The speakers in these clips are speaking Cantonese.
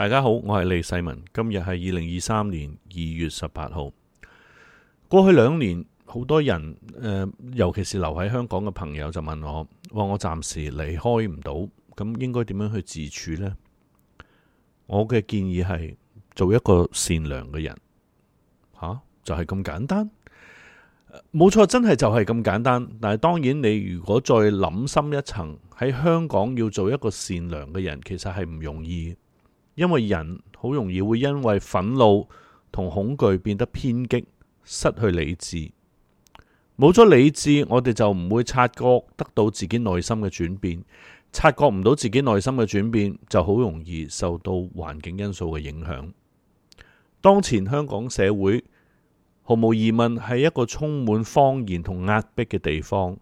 大家好，我係李世民。今日係二零二三年二月十八號。過去兩年，好多人誒、呃，尤其是留喺香港嘅朋友就問我話：「我我暫時離開唔到，咁應該點樣去自處呢？」我嘅建議係做一個善良嘅人，吓、啊、就係、是、咁簡單，冇錯，真係就係咁簡單。但係當然，你如果再諗深一層，喺香港要做一個善良嘅人，其實係唔容易。因為人好容易會因為憤怒同恐懼變得偏激，失去理智。冇咗理智，我哋就唔會察覺得到自己內心嘅轉變。察覺唔到自己內心嘅轉變，就好容易受到環境因素嘅影響。當前香港社會毫無疑問係一個充滿謊言同壓迫嘅地方。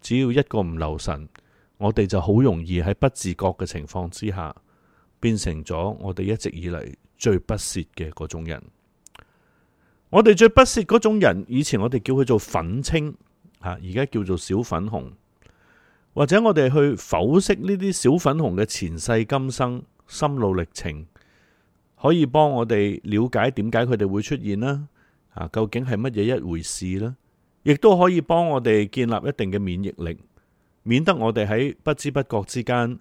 只要一個唔留神，我哋就好容易喺不自覺嘅情況之下。變成咗我哋一直以嚟最不屑嘅嗰種人，我哋最不屑嗰種人，以前我哋叫佢做粉青，吓，而家叫做小粉紅，或者我哋去剖析呢啲小粉紅嘅前世今生、心路歷程，可以幫我哋了解點解佢哋會出現啦，啊，究竟係乜嘢一回事啦？亦都可以幫我哋建立一定嘅免疫力，免得我哋喺不知不覺之間。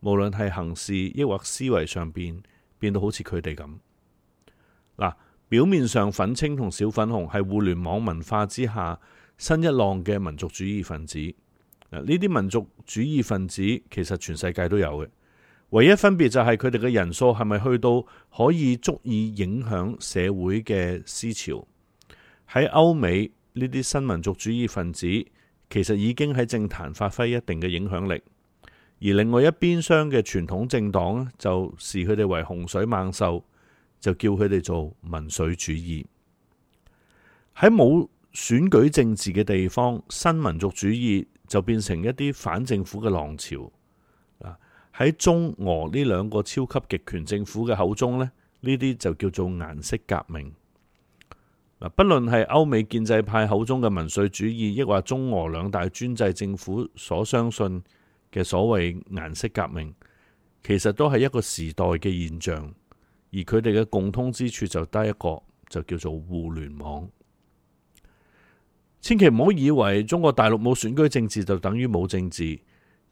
無論係行事抑或思維上邊，變到好似佢哋咁。嗱，表面上粉青同小粉紅係互聯網文化之下新一浪嘅民族主義分子。呢啲民族主義分子其實全世界都有嘅，唯一分別就係佢哋嘅人數係咪去到可以足以影響社會嘅思潮。喺歐美，呢啲新民族主義分子，其實已經喺政壇發揮一定嘅影響力。而另外一邊廂嘅傳統政黨咧，就視佢哋為洪水猛獸，就叫佢哋做民粹主義。喺冇選舉政治嘅地方，新民族主義就變成一啲反政府嘅浪潮。喺中俄呢兩個超級極權政府嘅口中咧，呢啲就叫做顏色革命。不論係歐美建制派口中嘅民粹主義，抑或中俄兩大專制政府所相信嘅所謂顏色革命，其實都係一個時代嘅現象，而佢哋嘅共通之處就得一個，就叫做互聯網。千祈唔好以為中國大陸冇選舉政治就等於冇政治。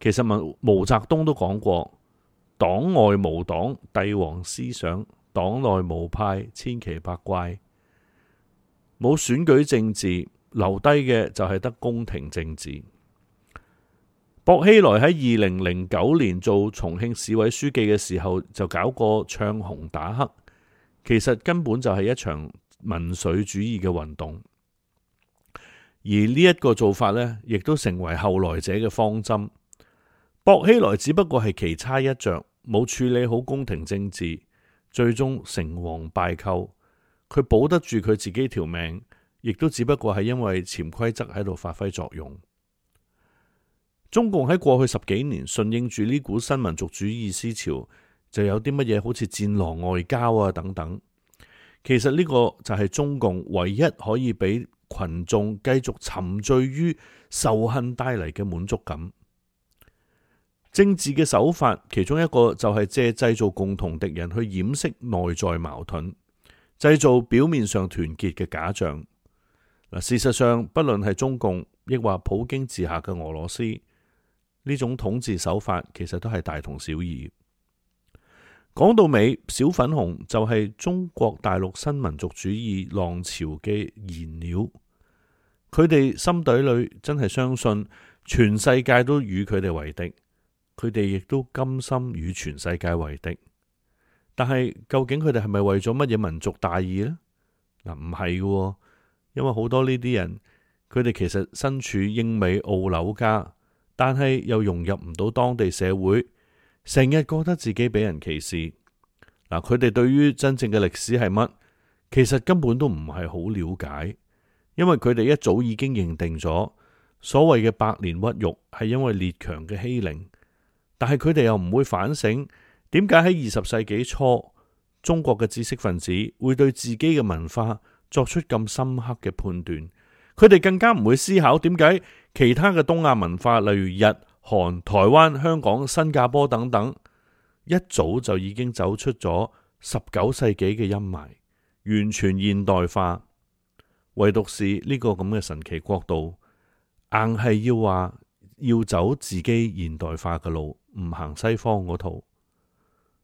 其實毛毛澤東都講過：黨外無黨，帝王思想；黨內無派，千奇百怪。冇選舉政治，留低嘅就係得宮廷政治。薄熙來喺二零零九年做重慶市委書記嘅時候就搞過唱紅打黑，其實根本就係一場民粹主義嘅運動，而呢一個做法呢，亦都成為後來者嘅方針。薄熙來只不過係棋差一着，冇處理好宮廷政治，最終成王敗寇。佢保得住佢自己條命，亦都只不過係因為潛規則喺度發揮作用。中共喺過去十幾年順應住呢股新民族主義思潮，就有啲乜嘢好似戰狼外交啊等等。其實呢個就係中共唯一可以俾群眾繼續沉醉於仇恨帶嚟嘅滿足感。政治嘅手法其中一個就係借製造共同敵人去掩飾內在矛盾，製造表面上團結嘅假象。嗱，事實上不論係中共亦或普京治下嘅俄羅斯。呢種統治手法其實都係大同小異。講到尾，小粉紅就係中國大陸新民族主義浪潮嘅燃料。佢哋心底裏真係相信全世界都與佢哋為敵，佢哋亦都甘心與全世界為敵。但係究竟佢哋係咪為咗乜嘢民族大義呢？嗱、啊，唔係嘅，因為好多呢啲人，佢哋其實身處英美澳紐加。但係又融入唔到當地社會，成日覺得自己俾人歧視。嗱，佢哋對於真正嘅歷史係乜，其實根本都唔係好了解，因為佢哋一早已經認定咗所謂嘅百年屈辱係因為列強嘅欺凌。但係佢哋又唔會反省，點解喺二十世紀初，中國嘅知識分子會對自己嘅文化作出咁深刻嘅判斷？佢哋更加唔會思考點解其他嘅東亞文化，例如日、韓、台灣、香港、新加坡等等，一早就已經走出咗十九世紀嘅陰霾，完全現代化。唯獨是呢個咁嘅神奇國度，硬係要話要走自己現代化嘅路，唔行西方嗰套。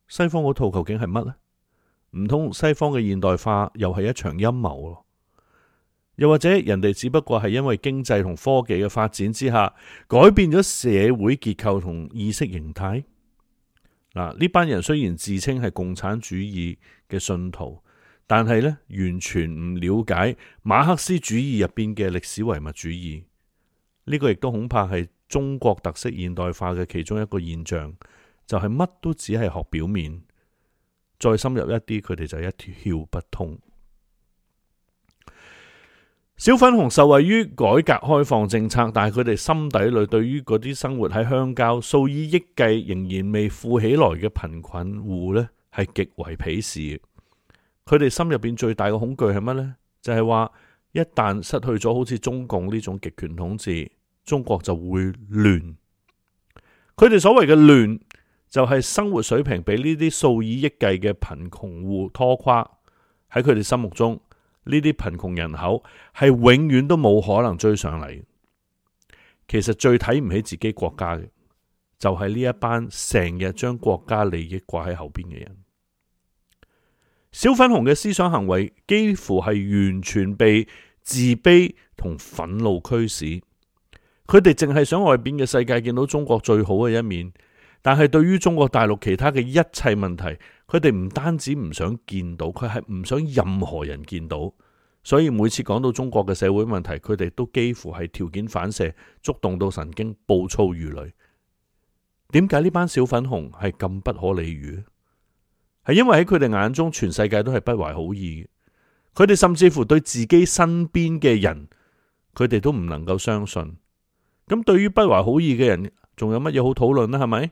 西方嗰套究竟係乜呢？唔通西方嘅現代化又係一場陰謀咯？又或者人哋只不過係因為經濟同科技嘅發展之下，改變咗社會結構同意識形態。嗱，呢班人雖然自稱係共產主義嘅信徒，但係呢完全唔了解馬克思主義入邊嘅歷史唯物主義。呢個亦都恐怕係中國特色現代化嘅其中一個現象，就係乜都只係學表面，再深入一啲，佢哋就一竅不通。小粉紅受惠於改革開放政策，但係佢哋心底裏對於嗰啲生活喺鄉郊數以億計仍然未富起來嘅貧困戶呢，係極為鄙視嘅。佢哋心入邊最大嘅恐懼係乜呢？就係話一旦失去咗好似中共呢種極權統治，中國就會亂。佢哋所謂嘅亂，就係生活水平俾呢啲數以億計嘅貧窮戶拖垮喺佢哋心目中。呢啲貧窮人口係永遠都冇可能追上嚟，其實最睇唔起自己國家嘅，就係呢一班成日將國家利益掛喺後邊嘅人。小粉紅嘅思想行為幾乎係完全被自卑同憤怒驅使。佢哋淨係想外邊嘅世界見到中國最好嘅一面，但係對於中國大陸其他嘅一切問題。佢哋唔單止唔想見到，佢係唔想任何人見到，所以每次講到中國嘅社會問題，佢哋都幾乎係條件反射，觸動到神經，暴躁如雷。點解呢班小粉紅係咁不可理喻？係因為喺佢哋眼中，全世界都係不懷好意。佢哋甚至乎對自己身邊嘅人，佢哋都唔能夠相信。咁對於不懷好意嘅人，仲有乜嘢好討論呢？係咪？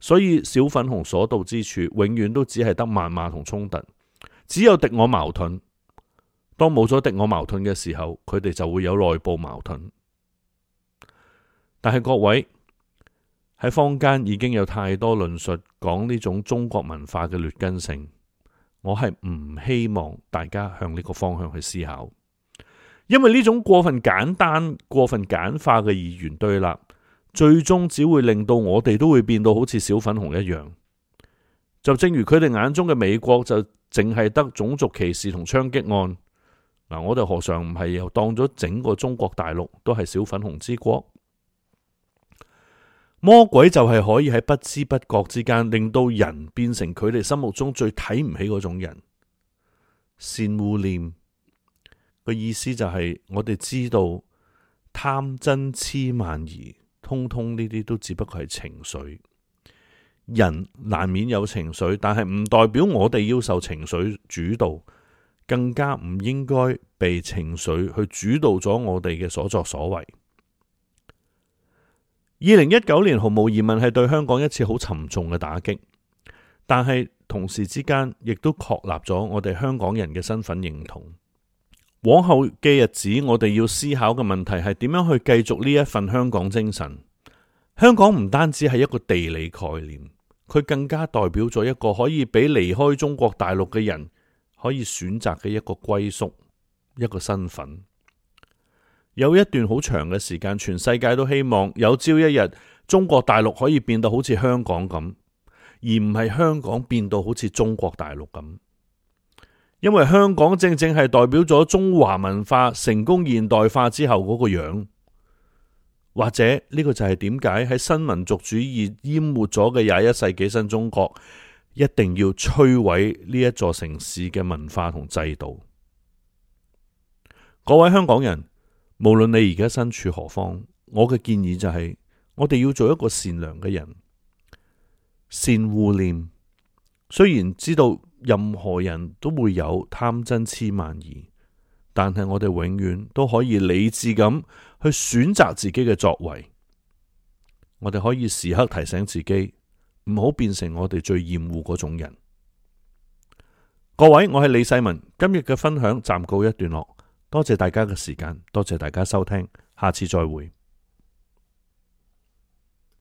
所以小粉紅所到之處，永遠都只係得謾罵同衝突，只有敵我矛盾。當冇咗敵我矛盾嘅時候，佢哋就會有內部矛盾。但係各位喺坊間已經有太多論述講呢種中國文化嘅劣根性，我係唔希望大家向呢個方向去思考，因為呢種過分簡單、過分簡化嘅二元對立。最終只會令到我哋都會變到好似小粉紅一樣。就正如佢哋眼中嘅美國就淨係得種族歧視同槍擊案嗱，我哋何嘗唔係又當咗整個中國大陸都係小粉紅之國？魔鬼就係可以喺不知不覺之間令到人變成佢哋心目中最睇唔起嗰種人。善護念嘅意思就係我哋知道貪嗔痴慢疑。通通呢啲都只不過係情緒，人難免有情緒，但係唔代表我哋要受情緒主導，更加唔應該被情緒去主導咗我哋嘅所作所為。二零一九年毫無疑問係對香港一次好沉重嘅打擊，但係同時之間亦都確立咗我哋香港人嘅身份認同。往後嘅日子，我哋要思考嘅問題係點樣去繼續呢一份香港精神。香港唔單止係一個地理概念，佢更加代表咗一個可以俾離開中國大陸嘅人可以選擇嘅一個歸宿、一個身份。有一段好長嘅時間，全世界都希望有朝一日中國大陸可以變到好似香港咁，而唔係香港變到好似中國大陸咁。因為香港正正係代表咗中華文化成功現代化之後嗰個樣，或者呢個就係點解喺新民族主義淹沒咗嘅廿一世紀新中國，一定要摧毀呢一座城市嘅文化同制度。各位香港人，無論你而家身處何方，我嘅建議就係我哋要做一個善良嘅人，善護念，雖然知道。任何人都會有貪嗔癡慢疑，但係我哋永遠都可以理智咁去選擇自己嘅作為。我哋可以時刻提醒自己，唔好變成我哋最厭惡嗰種人。各位，我係李世民，今日嘅分享暫告一段落，多謝大家嘅時間，多謝大家收聽，下次再會。